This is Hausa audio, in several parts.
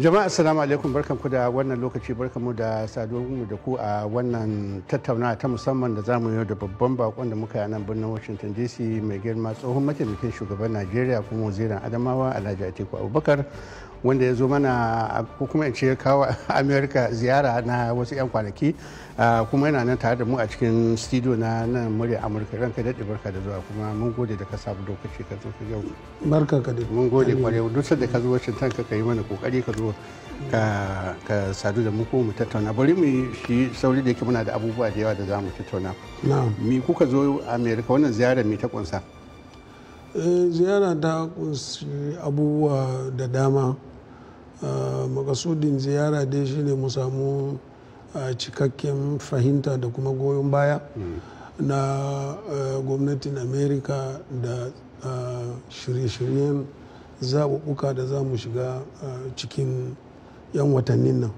jama'a assalamu alaikum ku da wannan lokaci barkan mu da mu da ku a wannan tattaunawa ta musamman da zamu yi da babban bakon da muka yi a nan birnin washington dc mai girma tsohon mataimakin shugaban najeriya kuma wazirin adamawa alhaji atiku abubakar wanda ya zo mana ko kuma ce ya kawo america ziyara na wasu 'yan kwanaki kuma yana nan tare da mu a cikin studio na nan murya amurka ranka daɗe barka da zuwa kuma mun gode da ka samu lokaci ka zo ka yau barka ka dai mun gode kwarai duk da ka zo wacin tanka ka yi mana kokari ka zo ka sadu da mu ko mu tattauna bari mu shi sauri da yake muna da abubuwa da yawa da za mu tattauna mi kuka zo america wannan ziyarar mi ta kunsa eh, ziyara ta kunsa abubuwa da dama makasudin ziyara dai shine mu samu cikakken fahimta da kuma goyon baya mm. na gwamnatin america da shirye-shiryen zaɓuɓɓuka da za mu shiga cikin 'yan watannin nan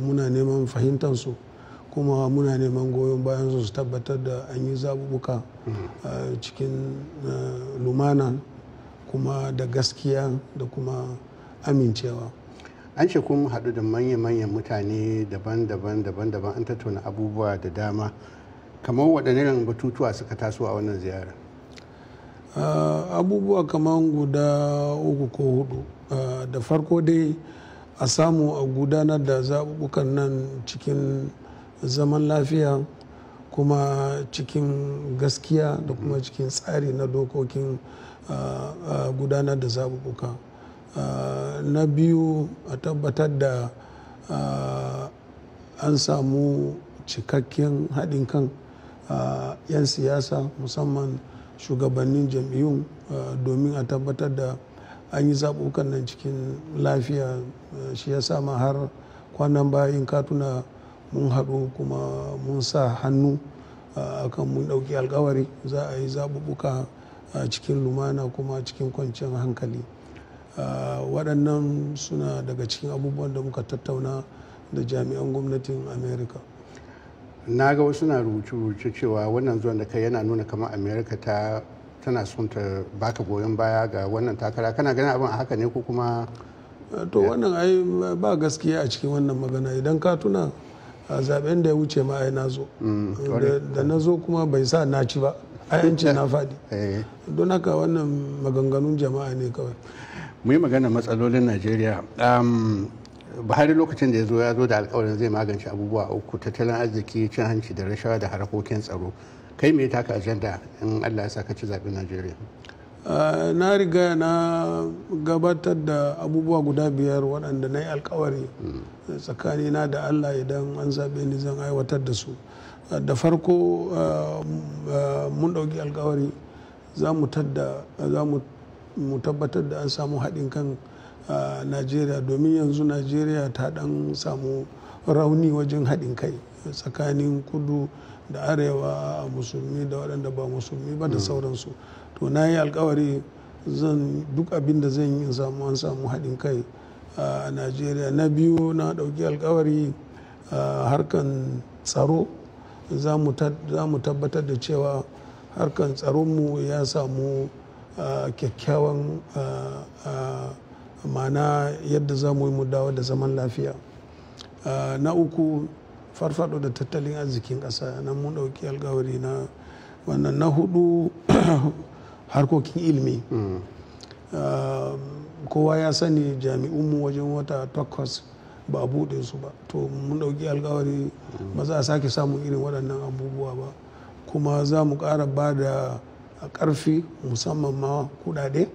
muna neman fahimtansu kuma muna neman goyon bayan su tabbatar da an yi zaɓuɓɓuka mm. cikin lumana kuma da gaskiya da kuma amincewa. an shi kuma haɗu da manya-manyan mutane daban-daban daban-daban an tattauna abubuwa da dama kamar waɗannan batutuwa suka taso a wannan ziyara ah, abubuwa kamar guda uku ko hudu ah, da farko dai a samu a gudanar da zaɓuɓɓukan nan cikin zaman lafiya kuma cikin gaskiya da kuma cikin tsari na dokokin ah, gudanar da zaɓuɓɓuka Ah, na biyu a tabbatar da ah, an samu cikakken haɗin kan ah, 'yan siyasa musamman shugabannin jam'iyyun domin a tabbatar da an yi zaɓukan nan cikin lafiya shi ya sama har kwanan bayan katuna mun haɗu kuma mun sa hannu akan mun ɗauki alkawari za a yi zaɓuɓɓuka cikin lumana kuma cikin kwanciyar hankali Ah, waɗannan suna daga cikin abubuwan da muka tattauna da jami'an gwamnatin america na ga wasu na rubuce cewa wannan zuwan da kai yana nuna kamar america ta tana son ta baka goyon baya ga wannan takara kana ganin abin a haka ne ko kuma eh, to wannan ai ba gaskiya a cikin wannan magana idan ka tuna a zaben da ya wuce ma ai na zo mm, da na zo kuma bai sa na ci ba ai an ce na faɗi eh. don haka wannan maganganun jama'a ne kawai muyi magana matsalolin najeriya buhari lokacin da ya zo ya zo da alkawarin zai magance abubuwa uku tattalin arziki cin hanci da rashawa da harkokin tsaro kai me taka ajanda in allah ya sa ka ci zaɓen najeriya na riga na gabatar da abubuwa guda biyar waɗanda na yi alkawari hmm. tsakanina da allah idan an zaɓe ni zan aiwatar da su da farko mun ɗauki alkawari za mu mu tabbatar da an samu haɗin kan najeriya domin yanzu najeriya ta ɗan samu rauni wajen haɗin kai tsakanin kudu da arewa musulmi da waɗanda ba musulmi ba da hmm. sauransu to na yi alkawari zan duk abin da zan yi samu an samu haɗin kai a najeriya na biyu na ɗauki alkawari harkan tsaro za mu tabbatar da cewa harkan tsaronmu ya samu kyakkyawan ma'ana yadda za mu yi mu dawo da zaman lafiya na uku farfado da tattalin arzikin ƙasa nan mun ɗauki alkawari na wannan na hudu harkokin ilimi mm. kowa ya sani jami'unmu wajen wata takwas ba a buɗe su ba to mun ɗauki alkawari ba za a sake samun irin waɗannan abubuwa ba kuma za mu ƙara ba da a ƙarfi musamman ma kudade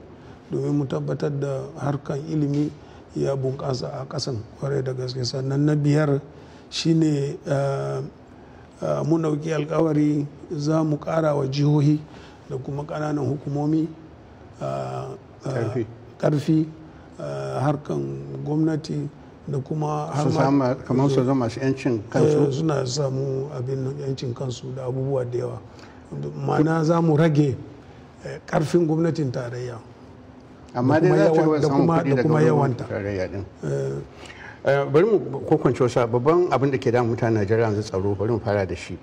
domin mu tabbatar da harkan ilimi ya bunƙasa a ƙasan kwarai da gaske sannan na biyar shine eh, eh, mu ɗauki alkawari za mu ƙara wa jihohi da kuma ƙananan hukumomi eh, ƙarfi harkan gwamnati da kuma kamar su zama yancin kansu suna samu abin yancin kansu da abubuwa da yawa mana za mu rage karfin eh, gwamnatin tarayya amma dai za ta yawan kuma da kuma yawanta eh. Eh, bari mu kokwance wasu babban abin da ke damun mutane najeriya yanzu tsaro bari mu fara da shi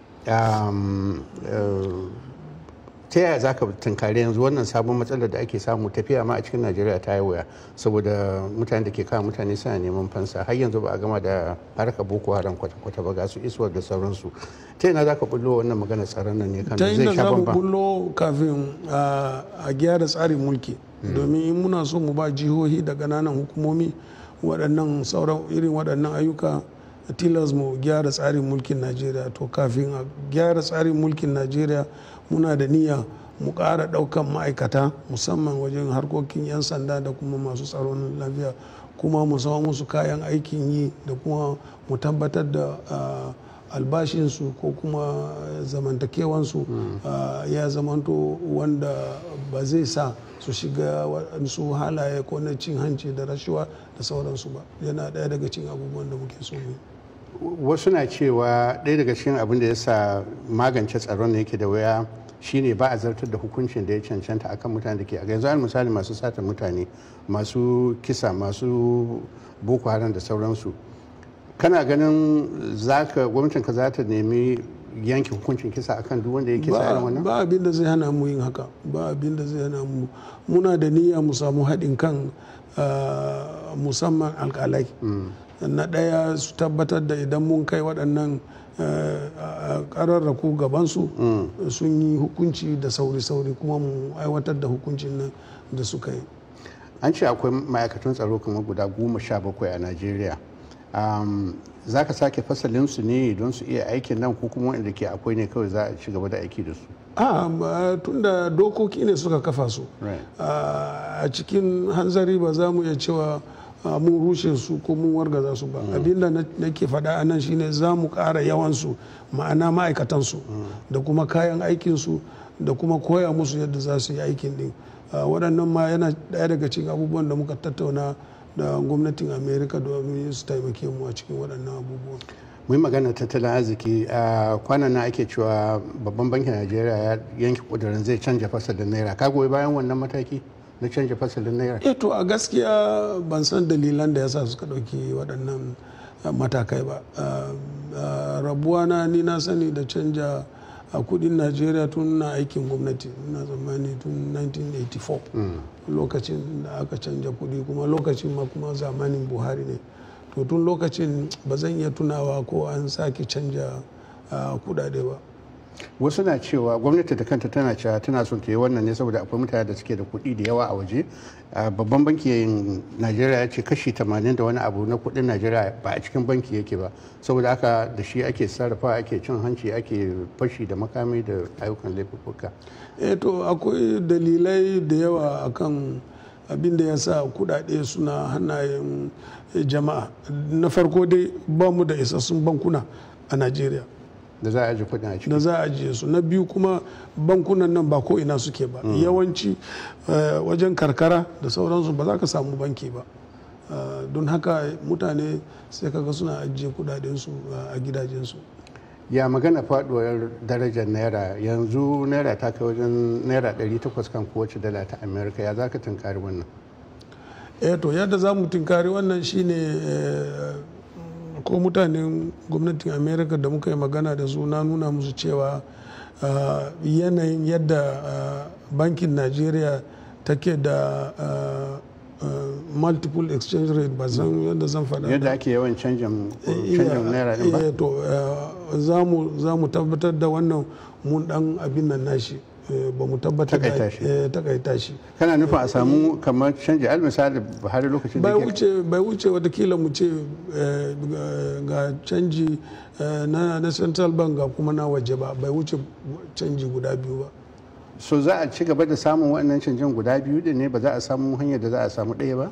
ta yaya za ka tunkari yanzu wannan sabon matsalar da ake samu tafiya ma a cikin najeriya ta yi wuya saboda mutane da ke kawo mutane suna neman fansa har yanzu ba a gama da harka boko haram kwata-kwata ba ga su iswar da sauransu ta yana za ka bullo wannan magana tsaron nan ne kan zai sha bamban ta bullo kafin a gyara tsarin mulki hmm. domin in muna so mu ba jihohi da ƙananan hukumomi waɗannan sauran irin waɗannan ayyuka tilas mu gyara tsarin mulkin najeriya to kafin a gyara tsarin mulkin najeriya muna da niyya mu ƙara ɗaukan ma'aikata musamman wajen harkokin 'yan sanda da kuma masu tsaron lafiya kuma mu samu musu kayan aikin yi da kuma mu tabbatar da albashinsu ko kuma zamantakewansu ya zamanto wanda ba zai sa su shiga su halaye ko na cin hanci da rashuwa da sauransu ba yana ɗaya daga cin abubuwan da muke so mu wasu na cewa ɗaya daga cikin abin da ya sa magance tsaron da yake da waya shine ba a zartar da hukuncin da ya cancanta akan mutane da ke a yanzu misali masu sata mutane masu kisa masu boko haram da sauransu kana ganin zaka gwamnatin ka za ta nemi yanke hukuncin kisa akan duk wanda ya kisa irin wannan ba abin da zai hana mu yin haka ba abin da zai hana mu muna da niyya mu samu haɗin kan ah, musamman alƙalai mm. na ɗaya su tabbatar da idan mun kai waɗannan eh, ƙararraku gabansu mm. sun yi hukunci da sauri-sauri kuma mu aiwatar da hukuncin nan da suka yi an ce akwai ma'aikatan tsaro kamar guda goma sha bakwai a najeriya za ka sake fasalinsu ne don su iya aikin nan ko kuma wanda ke akwai ne kawai za a ci gaba da aiki da su a eh, da dokoki ne suka kafa su ah, a cikin hanzari ba za mu iya cewa mun rushe su ko mun wargaza su ba mm. abinda ke faɗa a nan shine za mu ƙara yawansu ma'ana ma'aikatansu mm. da kuma kayan aikinsu da kuma koya musu yadda za su yi aikin din ah, waɗannan ma yana ɗaya daga cikin abubuwan da muka tattauna da gwamnatin amerika domin su taimake mu a cikin waɗannan abubuwan muyi magana tattalin arziki a ah, kwanan na ake cewa babban bankin najeriya ya yanke kudurin zai canja da naira ka goyi bayan wannan mataki na canja fasalin naira eh to a gaskiya ban san dalilan da yasa suka dauki waɗannan eh, matakai ba eh, eh, rabuwa na ni na sani da canja a kudin najeriya tun na aikin gwamnati na zamani tun 1984 mm. lokacin da aka canja kudi kuma lokacin ma kuma zamanin buhari ne to tun lokacin ba zan iya tunawa ko an sake canja kudade ba wasu na cewa gwamnati da kanta tana cewa tana son ta yi wannan ne saboda akwai mutane da suke da kuɗi da yawa a waje babban bankin najeriya ya ce kashi 80 da wani abu na kuɗin najeriya ba a cikin banki yake ba saboda haka da shi ake sarrafa ake cin hanci ake fashi da makami da ayyukan laifuka eh to akwai dalilai da yawa akan abin da ya sa kudade suna hannayen jama'a na farko dai ba mu da isassun bankuna a najeriya da za a ajiye kuɗin a ciki da za a ajiye su na biyu kuma bankunan nan ba ko ina suke ba mm. yawanci eh, wajen karkara da sauransu ba za ka samu banki ba eh, don haka mutane sai kaga suna ajiye kudadensu eh, a gidajensu ya magana faduwar darajar naira yanzu naira ta kai wajen naira 800 kan kowace dala ta amerika ya za ka tunkari wannan eh to yadda za mu tunkari wannan shine ko mutanen gwamnatin america da muka yi magana da su na nuna musu cewa ah, yanayin yadda ah, bankin najeriya take da ah, multiple exchange rate ba zan yadda zan faɗa yadda ake yawan canjin eh, naira ba eh, to za mu tabbatar da wannan mun ɗan abin nan nashi Eh, ba mu tabbatar da eh, takaita shi kana nufin a samu kamar canji almisali misali buhari lokacin da ke. bai wuce watakila mu ce eh, ga canji na na central bank ga kuma na waje ba bai wuce canji guda biyu ba so za a ci gaba da samun waɗannan canjin guda biyu da ne ba za a samu hanyar da za a samu ɗaya ba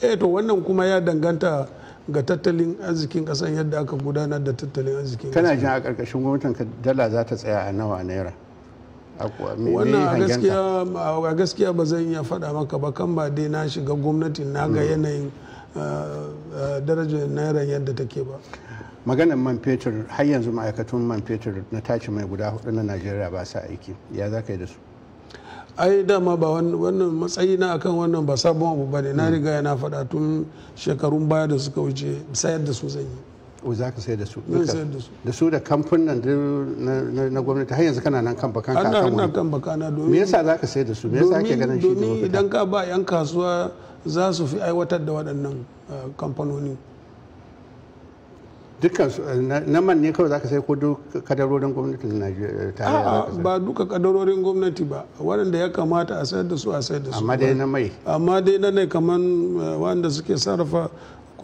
eh to wannan kuma ya danganta ga tattalin arzikin kasan yadda aka gudanar da tattalin arzikin kana jin a ƙarƙashin gwamnatin dala za ta tsaya a nawa naira wannan a gaskiya ba zan iya faɗa maka ba kan ba dai na shiga gwamnati na ga hmm. yanayin eh, eh, darajar naira yadda take ba maganar man fetur har yanzu ma'aikatan man fetur na tace mai guda hudu na najeriya ba sa aiki ya za ka yi da su ai dama ba wannan matsayi na akan wannan ba sabon abu ba ne na hmm. riga yana faɗa tun shekarun baya da suka wuce sayar da su zan yi zaka sai sayar da su da su da kamfunan na gwamnati har yanzu kana nan kan ka kan wani kan baka na domin me yasa zaka sai sayar da su me yasa kake ganin shi domin idan ka ba yan kasuwa za su fi aiwatar da waɗannan eh, kamfanoni dukkan eh, na man ne kawai zaka sai ko duk kadarorin gwamnatin Najeriya eh, ba duka kadarorin gwamnati ba waɗanda ya kamata a sayar da su a sayar da su amma dai na mai amma dai na ne kamar waɗanda suke sarrafa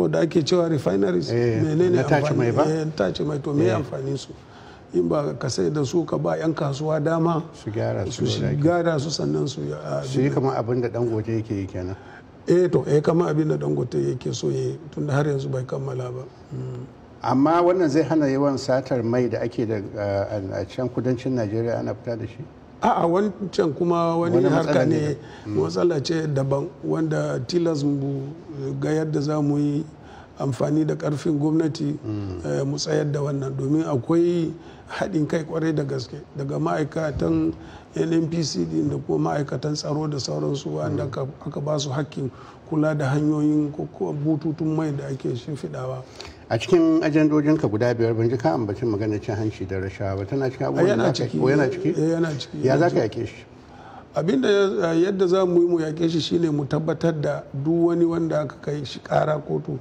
ko da ake cewa refineries eh, menene ne tace mai ba eh, tace mai to me eh. amfanin su in ba ka sai da su ka ba 'yan kasuwa dama su gyara su sannan su yi kamar abin da dangote yake yi kenan eh to eh kamar abin da dangote yake so yi tun da har yanzu bai kammala ba mm. amma wannan zai hana yawan satar mai da ake da a can kudancin najeriya ana fita da shi a'a wancan kuma wani harka ne hmm. matsala ce daban wanda tilas mu ga yadda za mu yi amfani da karfin gwamnati hmm. eh, mu tsayar da wannan domin akwai haɗin kai kwarai da gaske daga ma'aikatan nnpc din da kuma ma'aikatan tsaro da sauransu wanda hmm. aka ba su hakkin kula da hanyoyin ko bututun mai da ake shimfiɗawa a cikin ajandojin ka guda biyar ban ji ka ambaci magana cin hanci da rashawa ba tana cikin abubuwan yana ciki yana eh, ciki yana ciki ya zaka yake shi abinda yadda za mu yi mu yake shi shine mu tabbatar da duk wani wanda aka kai shi kara kotu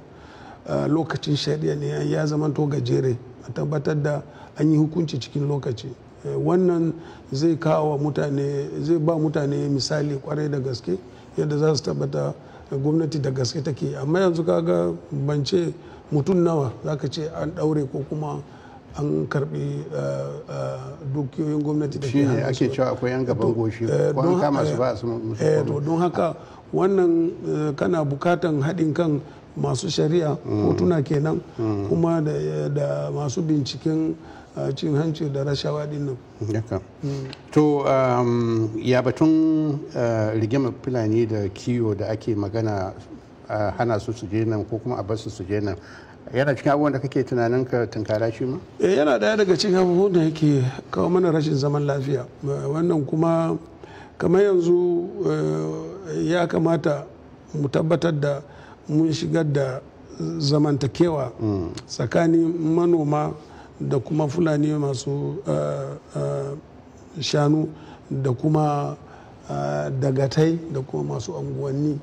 lokacin shari'a ne ya zama to gajere a tabbatar da an yi hukunci cikin lokaci eh, wannan zai kawo mutane zai ba mutane misali kwarai da gaske yadda za su tabbata gwamnati da gaske take amma yanzu kaga ban ce mutum nawa za ka ce an ɗaure ko kuma an karɓi eh, eh, dukiyoyin gwamnati da ke hannu ake cewa akwai yan gaban goshi eh, ko an kama su ba su mutu don haka wannan kana bukatan haɗin kan masu shari'a mm. hotuna kenan mm. kuma da masu binciken cin hanci da rashawa din nan mm. to um, ya batun rigimar fulani da kiwo da ake magana hana su su je nan ko kuma a basu su je nan yana cikin abubuwan da kake tunanin ka tunkara shi ma? Eh, yana daya daga cikin abubuwan da yake kawo mana rashin zaman lafiya wannan kuma kamar yanzu eh, ya kamata mu tabbatar da mun shigar da zamantakewa hmm. tsakanin manoma da kuma fulani masu eh, shanu da kuma dagatai da kuma masu unguwanni.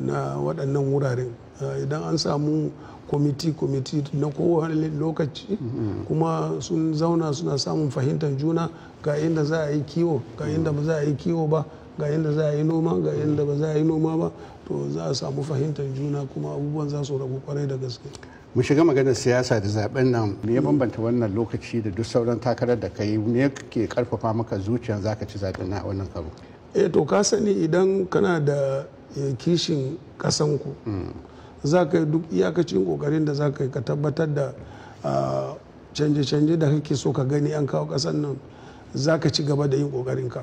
na waɗannan wuraren eh, idan an samu kwamiti-kwamiti na kowane lokaci mm-hmm. kuma sun zauna suna samun fahimtar juna ga inda za a yi kiwo ga inda ba za a yi kiwo ba ga inda za a yi noma ga inda ba za a yi noma ba to za a samu fahimtar juna kuma abubuwan za su rabu kwarai da gaske mu shiga maganar siyasa da zaɓen nan me ya bambanta wannan lokaci da duk sauran takarar da kai me ke karfafa maka zuciya zaka ci zaben na wannan karo eh to ka sani idan kana da Eh, kishin kasanku za ka yi duk iyakacin kokarin da za ka yi ka tabbatar da ah, canje-canje da kake so ka gani an kawo kasan nan za ka ci gaba da yin ƙoƙarinka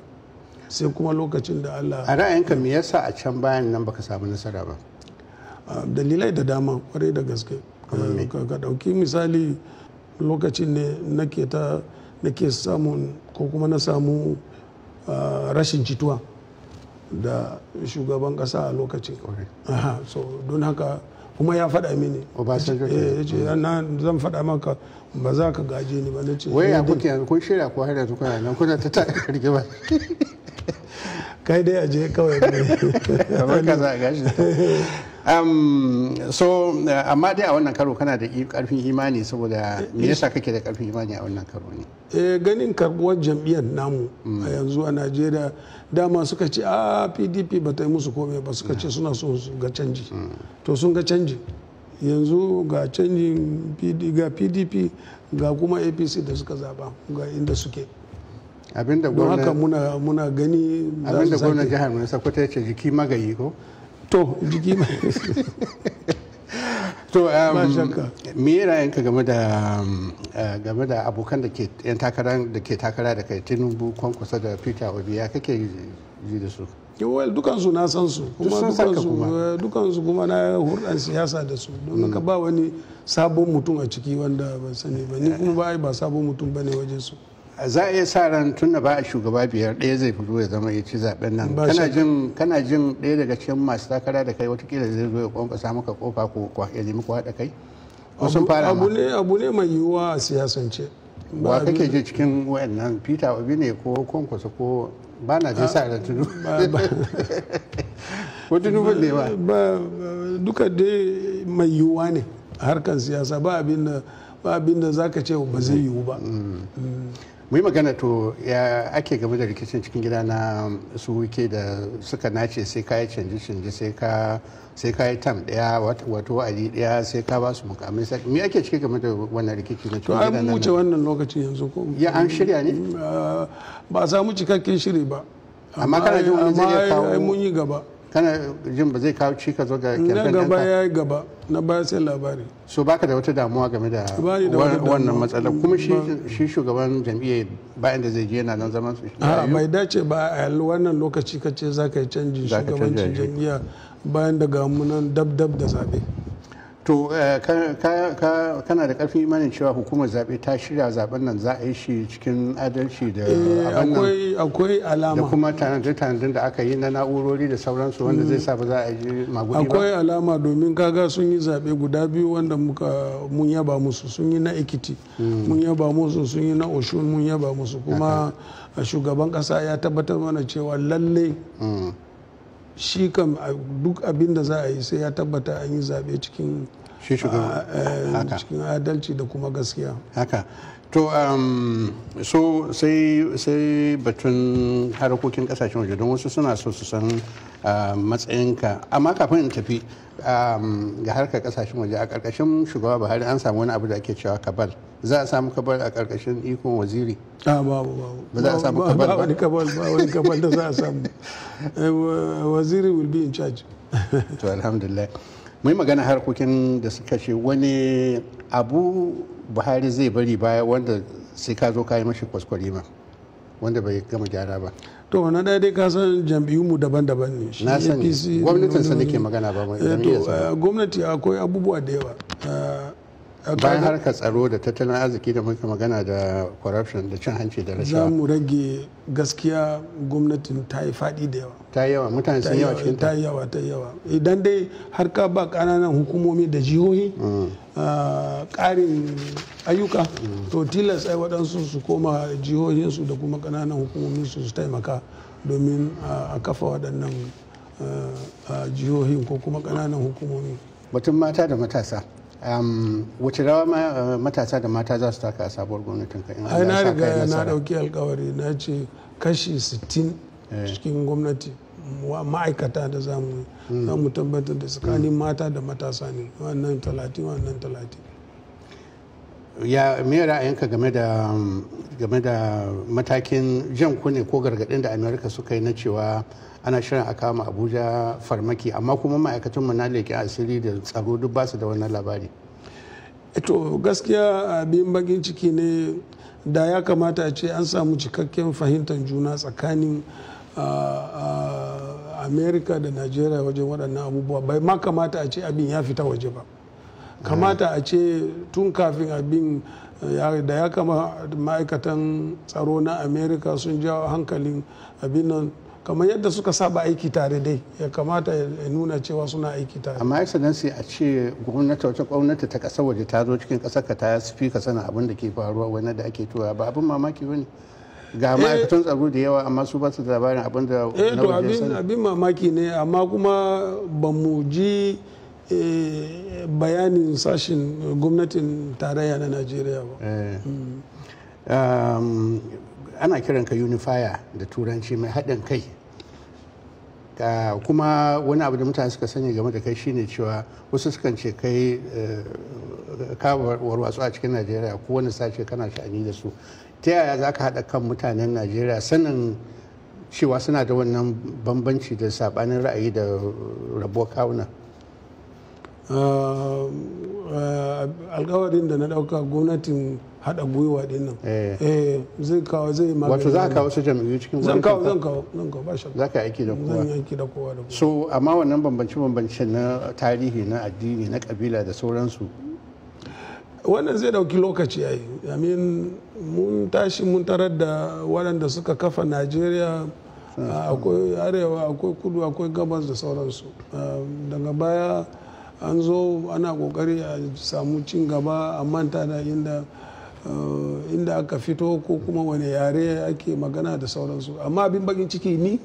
sai kuma lokacin da allah a ra'ayinka me yasa a can bayan nan baka samu nasara ba ah, dalilai da dama kwarai da gaske eh, ka ɗauki misali lokacin ne nake ta samun ko kuma na samu ah, rashin jituwa da shugaban kasa a lokacin so don haka kuma ya faɗa mini eh, ya ce zan faɗa maka ba za ka gaje ni ba na ce wai ya kuke yanzu kun shirya ko har yanzu kuna nan kuna ta taɗa karki ba kai dai a je kawai kamar ka za a gashi Um, so uh, amma dai a wannan karo kana da karfin imani saboda eh, me eh. yasa kake da karfin imani a wannan karo ne eh ganin karbuwar jam'iyyar namu mm. a yanzu a Najeriya dama suka ce a ah, PDP ba ta yi musu komai ba suka ce mm. suna so su ga canji mm. to sun ga canji yanzu ga canjin ga pdp ga kuma apc da suka zaba ga inda suke abinda gwamna don haka muna, muna gani abinda gwamna jihar mai sakwata ya ce jiki magayi ko to jiki to um, me ka game da um, uh, game da abokan da ke yan takara da ke takara da kai tinubu kwankwasa da peter obi ya kake ji da su well dukansu na san su kuma eh, dukansu kuma na hurɗar siyasa da su don ka mm. ba wani sabon mutum a ciki wanda ban sani ba ni eh. kuma ba ba sabon mutum ba ne wajen su za a iya sa ran tun da ba a shugaba biyar ɗaya zai fito ya zama ya ci zaɓen nan kana jin kana jin ɗaya daga cikin masu takara da kai watakila zai zo ya kwankwasa maka kofa ko ya nemi ku haɗa kai ko sun fara abu ne abu ne mai yiwuwa a siyasance wa kake ji cikin wayannan peter obi ne ko kwankwasa ko ba na jin sa ran tudu ko tudu ba duka dai mai yiwuwa ne harkan siyasa ba abin da ba abin da za ka ce ba zai yiwu ba mm. mu yi magana to ya ake game da rikicin cikin gida na su wike da suka nace sai ka yi canje canje sai ka yi tam daya wato wa'adi daya sai ka ba su mukamai sai mu ake cike game da wannan rikicin na cikin gida na wuce wannan lokacin yanzu ko ya an shirya ne mm, ah, ba samu cikakken shiri ba amma kana jin wani zai kawo mun yi gaba kana jin ba zai kawo zo ga kyamfen na gaba ya yi gaba na baya sai labari so baka da wata damuwa game da wannan matsala kuma shi shugaban jam'iyyar bayan da zai je yana nan zaman su a mai dace ba a wannan lokaci ka ce za ka yi canjin shugabancin jam'iyya bayan da gamunan dab dab da zaɓe. to eh, kana da karfin imanin cewa hukumar zaɓe ta shirya zaben nan za a yi shi cikin adalci da eh, abin akwai alama da kuma tanadin da aka yi na na'urori da sauransu wanda zai sa ba za a yi magudi akwai alama domin kaga sun yi zaɓe guda biyu wanda mun yaba musu sun yi na ekiti hmm. mun yaba musu sun yi na oshun mun yaba musu kuma shugaban ƙasa ya tabbatar mana cewa lallai hmm. shi kam duk abin da za a yi sai ya tabbata an yi zaɓe cikin eh, cikin adalci da kuma gaskiya haka to um, so sai batun harkokin kasashen waje don wasu suna so su san uh, matsayinka amma kafin in tafi Um, ga harkar kasashen waje a karkashin shugaba buhari an samu wani abu da ake cewa kabal za a samu kabal a karkashin ikon waziri a babu babu ba za a samu kabal ba wani kabal ba wani kabal da za a samu eh, waziri will be in charge to alhamdulillah mu yi magana harkokin da suka ce wani abu buhari zai bari baya wanda sai ka zo ka yi mashi kwaskwarima wanda bai gama gyara ba to na ɗaya dai kasan jam'iyyunmu daban-daban ne shi na sani nake magana ba mai eh, eh, gwamnati akwai abubuwa da yawa eh, bayan harkar tsaro da tattalin arziki da muka magana da corruption da cin hanci da rashawa za mu rage gaskiya gwamnatin ta yi faɗi da yawa ta yawa mutane sun yawa cikin ta yawa ta yawa idan dai har ka ba ƙananan hukumomi da jihohi mm. ah, ƙarin ayyuka mm. to tilas ai waɗansu su koma jihohinsu da kuma ƙananan hukumomin su su taimaka domin ah, a kafa waɗannan ah, jihohin ko kuma ƙananan hukumomi batun mata da matasa wace rawa eh, matasa da mata za su taka a sabuwar gwamnatin ka ai na riga na dauki alkawari na ce kashi 60 eh. cikin gwamnati ma'aikata da za mu hmm. za mu tabbatar da tsakanin mata da matasa ne wannan talatin wannan talatin ya me ka game da game da matakin jan kunne ko gargadin da amerika suka yi na cewa ana shirin a kama abuja farmaki amma kuma mu na leƙen asiri da tsaro duk ba su da wannan labari to gaskiya abin bakin ciki ne da ya kamata a ce an samu cikakken fahimtar juna tsakanin america da nigeria wajen waɗannan abubuwa bai ma kamata a ce abin ya fita waje ba kamata a ce tun kafin abin da ya kama ma'aikatan tsaro na Amerika sun jawo hankalin abin nan kamar yadda suka saba aiki tare dai ya kamata ya nuna cewa suna aiki tare amma excellency a ce gwamnati wata gwamnati ta kasar waje ta zo cikin kasar ka ta fi ka sana abin da ke faruwa wani da ake tura ba abin mamaki ba ne ga eh. ma'aikatan tsaro da yawa amma su ba su labarin abin da eh, na waje sani abin mamaki ne amma kuma ba mu ji eh, bayanin sashin gwamnatin tarayya na najeriya ba mm. Um, ana kiranka unifier da turanci mai haɗin kai kuma wani abu da mutane suka sani game da kai shine cewa wasu sukan ce kai eh, kawo wasu a cikin najeriya ko wani sace kana sha'ani da su ta yaya za ka haɗa kan mutanen najeriya sanin cewa suna da wannan bambanci da saɓanin ra'ayi da rabuwar kawuna um, eh, alkawarin da na ɗauka gwamnatin haɗa gwiwa din nan eh. eh zai kawo zai magana wato za ka kawo su cikin zan kawo zan kawo zan kawo ba shi za ka aiki da kowa zan yanki da kowa da kowa so amma wannan bambance bambance na tarihi na addini na kabila da sauransu wannan zai dauki lokaci yayi amin mun tashi mun tarar da waɗanda suka kafa najeriya hmm. akwai arewa akwai kudu akwai gabas da sauransu um, daga baya an zo ana kokari a samu cin gaba a manta da inda Eh, inda aka fito ko kuma wani yare ake magana da sauransu amma abin bakin ciki ni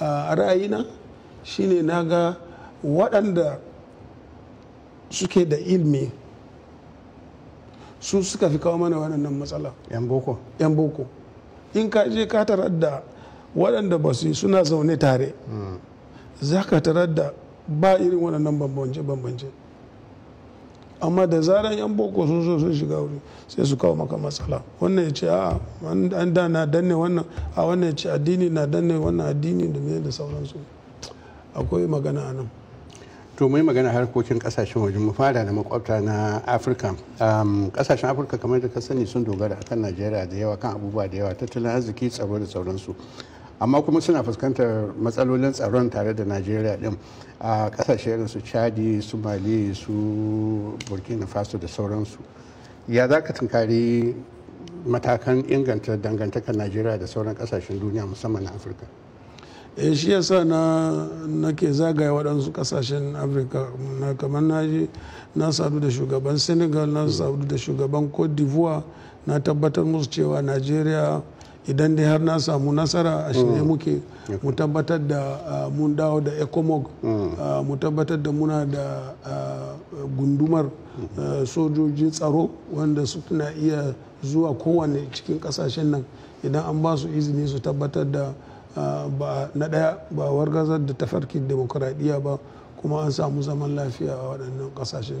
a ra'ayina shine na ga waɗanda suke da ilmi su suka fi kawo mana wannan matsala yan boko in ka je ka tarar da waɗanda ba su suna zaune tare mm. za ka tarar da ba irin waɗannan bambance-bambance amma da zaran yan boko sun so sun shiga wuri sai su kawo maka matsala wannan ya ce a an da na danne wannan a wannan ya ce addini na danne wannan addini da ne da sauransu akwai magana a nan to mai magana harkokin kasashen waje mu fara da makwabta na afirka kasashen afirka kamar da ka sani sun dogara akan najeriya da yawa kan abubuwa da yawa tattalin arziki tsaro da sauransu amma kuma suna fuskantar matsalolin tsaron tare da najeriya din a kasashe irin su chadi su mali su burkina faso da sauransu ya za ka tunkari matakan inganta dangantakar najeriya da sauran kasashen duniya musamman na afirka e shi yasa na nake zagaya waɗansu kasashen afirka na kamar na na sadu da shugaban senegal na sadu da shugaban cote d'ivoire na tabbatar musu cewa najeriya idan dai har na samu nasara a shirye mm. muke mu tabbatar da mun dawo da ecomog mm. mu tabbatar da muna da gundumar sojoji tsaro wanda suna iya zuwa kowane cikin kasashen nan idan an ba su izini su tabbatar da na ɗaya ba wargazar da tafarkin demokuraɗiyya ba kuma an samu zaman lafiya a waɗannan ƙasashe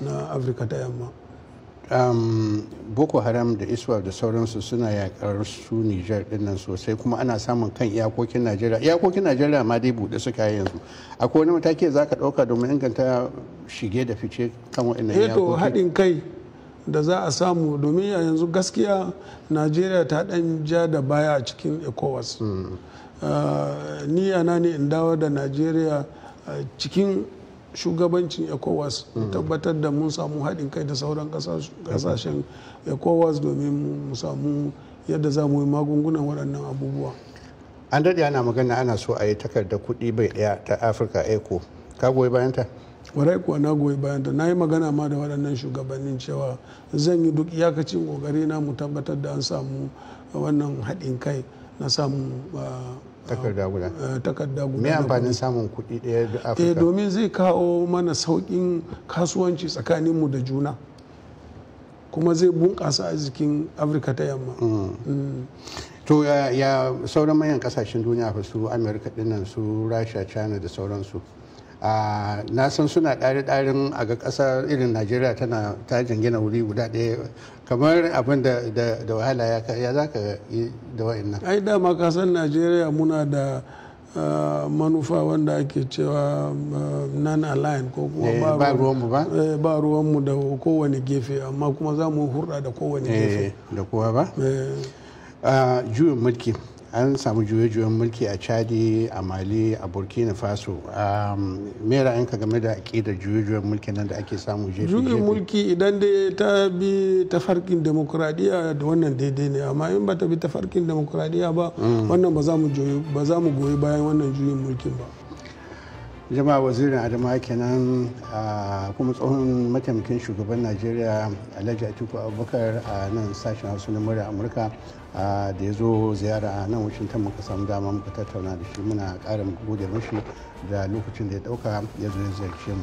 na afirka ta yamma Um, boko haram da iswa da sauransu suna yakar su nijar dinnan sosai kuma ana samun kan iyakokin najeriya iyakokin najeriya ma dai buɗe suka yi yanzu akwai wani mataki za ka ɗauka domin inganta shige da fice kan waɗannan iyakokin eh to haɗin kai da za a samu domin a yanzu gaskiya najeriya ta ɗan ja da baya a cikin ecowas hmm. ah, ni ana ne in dawo da najeriya ah, cikin shugabancin ecowas mm. tabbatar da mun samu haɗin kai da sauran kasashen ecowas domin mu samu yadda za mu yi magungunan waɗannan abubuwa an daɗe ana magana ana so a yi takardar kuɗi bai ɗaya ta afirka eco ka goyi bayan ta warai kuwa na goyi bayan ta na yi magana ma da waɗannan shugabannin cewa zan yi duk iyakacin ƙoƙari na mu tabbatar da an samu wannan haɗin kai na samu ah, takarda guda eh, takarda guda amfanin samun kuɗi ɗaya da eh, afirka eh domin zai kawo mana sauƙin kasuwanci tsakaninmu da juna kuma zai bunƙasa arzikin afirka ta yamma mm. Mm. to ya sauran manyan kasashen duniya fa su amerika dinnan su rasha china da sauransu na san suna ɗari-ɗarin a ga ƙasa irin najeriya tana ta jingina wuri guda ɗaya kamar abin da wahala ya za ka yi da nan ai dama kasan najeriya muna da manufa wanda ake cewa nan aligned ko eh, ba ruwanmu ba eh, ba ruwanmu da kowane gefe amma kuma za mu hurɗa da kowane eh, gefe da kowa ba juyin mulki an samu juye-juyen mulki a chadi a mali a burkina faso um, an ka game da aƙidar juye-juyen mulki nan da ake samu jefi juyin mulki idan dai ta bi tafarkin demokuraɗiyya da wannan daidai ne amma in ba ta bi tafarkin demokuraɗiyya ba mm. wannan ba za mu goyi bayan wannan juyin mulkin ba jama'a wazirin adama kenan kuma tsohon mataimakin shugaban najeriya alhaji atiku abubakar a nan sashen hausa na murya amurka da ya zo ziyara a nan washington muka samu dama muka tattauna da shi muna ƙara gode mashi da lokacin da ya ɗauka ya zo ya ziyarce mu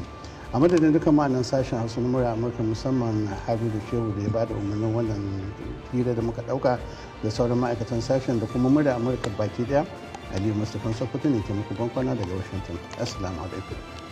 a madadin duka ma'anan sashen hausa na murya amurka musamman haru da shehu da ya ba da umarnin wannan hira da muka dauka da sauran ma'aikatan sashen da kuma murya amurka baki daya aliyu mustapha sokoto ne ke muku bankwana daga washington assalamu alaikum